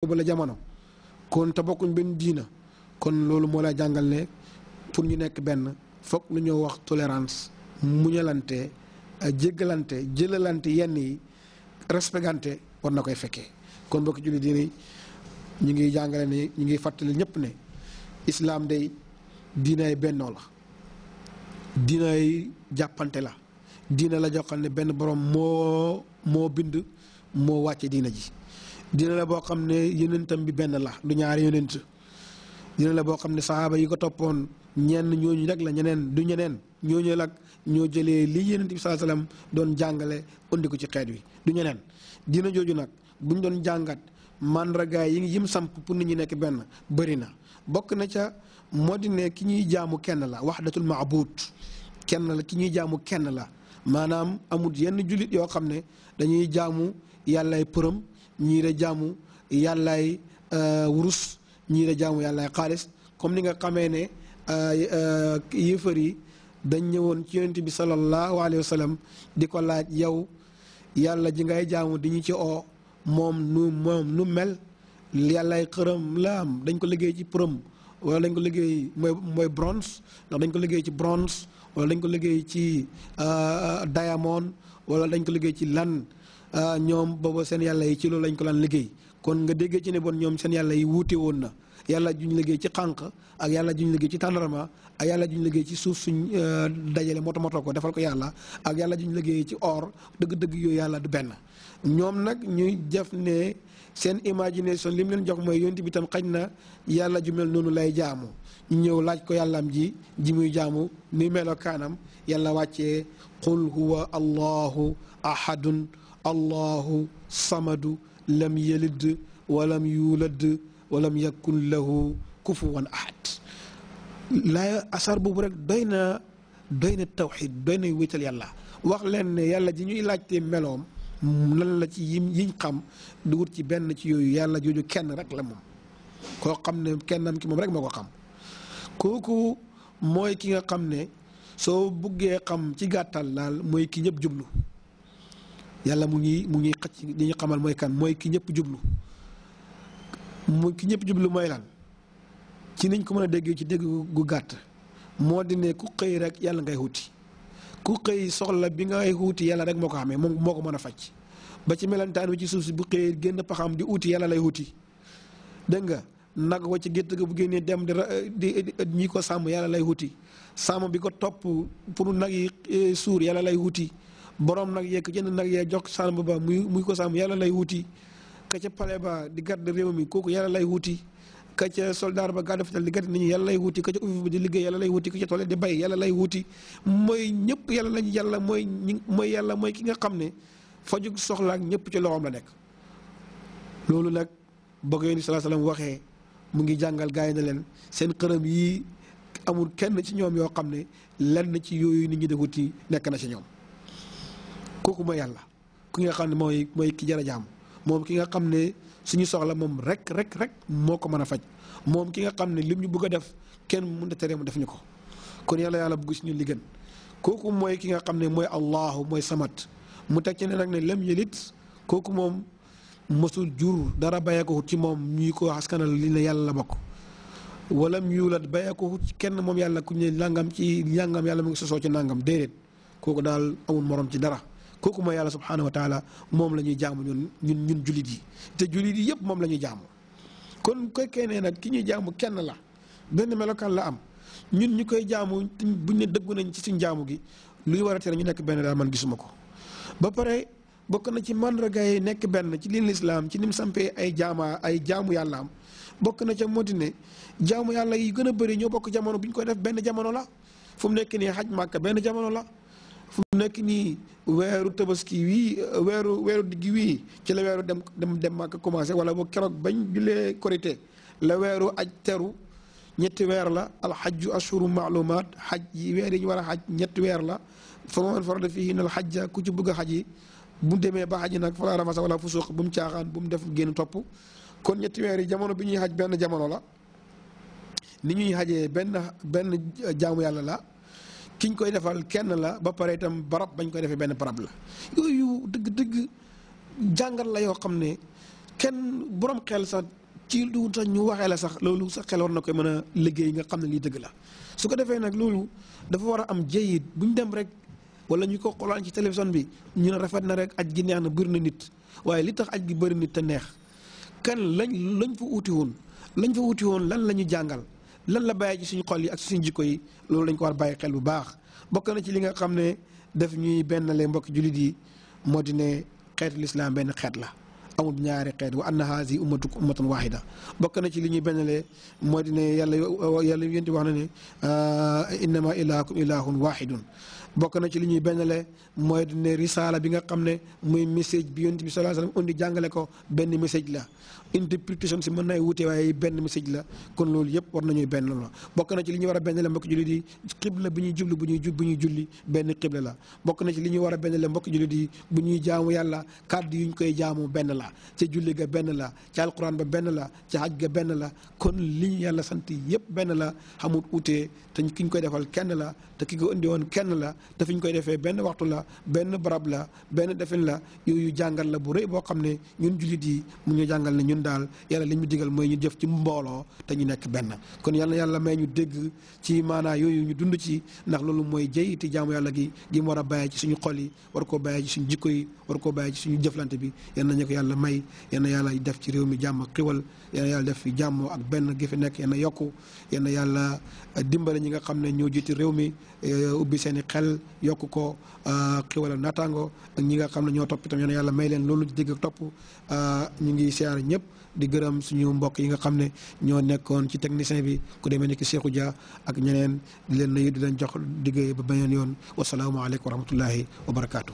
boobu la jamono kon te bokkuñ benn diina kon loolu moo lay jàngal ne pour ñu nekk benn foog lu ñoo wax tolérance muñalante jéggalante jëlalante yenn yi respectante war na koy fekkee kon bokki julli diine ñu ngi jàngale ne ñu ngi fàttali ñëpp ne islaam day diinaay bennoo la diinaay jàppante la diina la joxal ne benn borom moo moo bind moo wàcce diina ji dina la boo xam ne yonentam bi benn la du ñaari yonent dina la boo xam ne saxaaba yi ko toppoon ñenn ñooñu rek la ñeneen du ñeneen ñooñu lag ñoo jëlee li yonent bi sallallahu doon jàngale undi ko ci xeet wi du ñeneen dina jooju nag bu ñu doon jàngat màndargaay yi yim samp pour nit ñi nekk benn bëri na bokk na ca moo di ne ki ñuy jaamu kenn la wax wahdatul maabud kenn la ki ñuy jaamu kenn la maanaam amut yenn jullit yoo xam ne dañuy jaamu yàllaay përëm ñii da jaamu yàllaay euh, wurus ñii da jaamu yàllaay xaalis comme ni nga xamee ne euh, euh, yéefar yi dañ ñëwoon ci yonent bi sallallahu alayhi wa sallam di ko laaj yow yàlla ji ngay jaamu di ñu ci oo moom nu moom nu mel yàllaay xërëm la am dañ ko liggéey ci përëm wala dañ ko liggéey mooy dañ ko liggéey ci bronze dañ ko liggéey ci diamond wala dañ ko liggéey ci lan Ah, ñoom booba seen yàlla yi ci loolu lañ ko laan liggéey kon nga déggee ci ne bon ñoom seen yàlla yi wuute woon na yàlla juñ liggéey ci xànq ak yàlla juñ liggéey ci tàndarma yàlla juñ liggéey ci suuf suñ eh, dajale moto moto ko defal ko yàlla ak yàlla juñ liggéey ci or dëgg-dëgg yooyu yàlla du benn ñoom nag ñuy jëf ne seen imagination li mu leen jox mooy yonti bi tam xaj na yàlla ju mel noonu lay jaamu ñu ñëw laaj ko yàllaam ji ji muy jaamu meloo kaanam yàlla wàccee qul huwa allahu ahadun الله صمد لم يلد ولم يولد ولم يكن له كفوا أحد لا أثر ببرك بين بين التوحيد بين ويتال يلا واخ لين يلا جي نيو لاجتي ملوم نان لا سي يين خام دوغور سي بن سي يوي يلا جوجو كين رك لا موم كو خام ني كي موم رك ماكو خام كوكو موي كيغا خام سو بوغي خام سي غاتال لال موي كي نيب جوبلو yalla mu ngi mu ngi xëcc ni ñu xamal moy kan moy ki ñëpp jublu moy ki ñëpp jublu moy lan ci niñ ko mëna déggé ci dégg gu gatt mo di né ku xey rek yalla ngay huti ku xey soxla bi ngay huti yalla rek moko ko moko mëna facc ba ci melantane ci suuf si bu xëyee génn paxam di uti yalla lay huti dégg nga nag wa ci gëtt ga bu génnee dem di ñi ko sam yalla lay huti sam bi ko top pour nag yi eh, suur yalla lay huti borom nag yeeg jënd nag yee jox sàmm ba muy muy ko sàmm yàlla lay wuti ka ca palais ba di garde réew mi kooku yàlla lay wuti ka ca soldat ba garde fetal di garde nit ñi yàlla lay wuti ka ca office bi di liggéey yàlla lay wuti ka yàlla lay wuti mooy ñëpp yàlla lañ yàlla mooy ñi mooy yàlla mooy ki nga xam ne fajug soxlaak ñëpp ci loxoom la nekk loolu nag bëgg yoon salaa salaam waxee mu ngi jàngal gaay na leen seen xërëm yi amul kenn ci ñoom yoo xam ne lenn ci yooyu nit ñi di wuti nekk na ci ñoom koku mooy yalla ku nga xamne moy moy ki jara jam mom ki nga xamne ne suñu soxla mom rek rek rek moko meuna faj moom ki nga xamne ne lim ñu bëgg def kenn mun a tere mu def ñuko ko kon yalla yalla bëgg suñu li gën koku moy ki nga xamne ne allah moy mooy samat mu teg ci ne nak ne lem yelit koku mom mosul jur dara bayako ci mom ñuy ko askanal li ne yalla la bokk walam yulad bayako ci kenn mom yalla ku ñe langam ci nangam yalla mu ngi soso ci nangam dedet koku dal amul morom ci dara kooku mooy yàlla subhaanahu wa taala moom la ñuy jaamu ñun ñun ñun jullit yi te jullit yi yëpp moom la ñuy jaamu kon koy nee nag ki ñuy jaamu kenn la benn melokaan la am ñun ñu koy jaamu buñ ne dëggu nañ ci suñ jaamu gi luy war a tere ñu nekk benn daal man gisuma ko ba pare bokk na ci mandarga yi nekk benn ci liin lislaam ci nim sampee ay jaamaa ay jaamu yàlla am bokk na ca moo di ne jaamu yàlla yi gën a bëri ñoo bokk jamono bu ñu koy def benn jamono la fu mu nekk nii xaj màkka benn jamono la fu nekk nii weeru tabaski wii weeru weeru digg wii ci la weeru dem dem dem màkk commencé wala ba keroog bañ julee korité la weeru aj teru ñetti weer la alxajju ashuru maalumaat xaj yi weer yi ñu war a xaj ñetti weer la fa man farada fii nal xajja ku ci bëgg xaj yi bu demee ba nag falaa rafasa wala fusuq bu mu caaxaan bu mu def génn topp kon ñetti weer yi jamono bi ñuy xaj benn jamono la ni ñuy xajee benn benn jaamu yàlla la kiñ koy defal kenn la ba pare itam barab bañ koy defé benn barab la yooyu dëgg dëgg jàngat la yoo xam ne kenn borom xel sax ci lu sax ñu waxee la sax loolu sa xel war na koy mën a liggéey nga xam ne lii la su ko defee nag loolu dafa war am jëyit buñ dem rek wala ñu ko xolaan ci télévision bi ñu ne rafet na rek aj gi neex na bëri na nit waaye li tax aj gi bëri nit te neex kan lañ lañ fa uuti woon lañ fa woon lan la ñu lan la baye ci suñu xol yi ak suñu jikko yi loolu lañ ko war baye xel bu baax bokk na ci li nga xam ne daf ñuy benn le mbokki jullit yi moo di ne xeetu lislaam benn xeet la amul ñaari xeet wa anna haasi ummatuk ummatan waahida bokk na ci li ñuy bennalee moo di ne yàlla yàlla yénti wax na ne innama ilahukum ilahun waahidun bokk na ci li ñuy benn bennale mooy ne risaala bi nga xam ne muy message bi yonent bi sallallahu alayhi wasallam undi jàngale ko benn message la interprétation si mën nay wutee waaye benn message la kon loolu yëpp war nañuy benn la bokk na ci li ñuy war a benn bennale mbokk jullit yi xibla bu ñuy jublu bu ñuy jub ñuy julli benn xibla la bokk na ci li ñuy war a bennale mbokk jullit yi bu ñuy jaamu yàlla kàddu yu ñu koy jaamu benn la ca julli ga benn la ci alquran ba benn la ci haj ga benn la kon li yàlla sant yëpp benn la xamul utee te ki koy defal kenn la te ko indi woon kenn la te fi ñu koy defee benn waxtu la benn barab la benn defin la yooyu jàngal la bu rëy boo xam ne ñun jullit yi mu ñu jàngal ne ñun daal yàlla li ñu digal mooy ñu jëf ci mbooloo te ñu nekk benn kon yàlla yàlla may ñu dégg ci maanaa yooyu ñu dund ci ndax loolu mooy jëyiti jaamu yàlla gi gi war a bàyyee ci suñu xol yi war koo bàyyee suñu jikko yi war koo bàyyee ci suñu jëflante bi yal na ko yàlla may yal na yàlla def ci réew mi jàmm ak xiwal yàlla def fi jàmmoo ak benn gi fi nekk yal na yokku yal na yàlla dimbale ñi nga xam ne ñoo jiiti réew mi eh, ubbi seeni xel yokk ko euh, xiwalal naataango ak ñi nga xam ne ñoo topp itam yéen yàlla may leen loolu digg topp euh, ñu ngi siyaare ñëpp di gërëm suñu mbokk yi nga xam ne ñoo nekkoon ci technicien bi ku demee nekk Cheikhou Dia ak ñeneen di leen nuyu di leen jox liggéey ba beneen yoon wasalaamualeykum wa rahmatullahi wa barakaatu.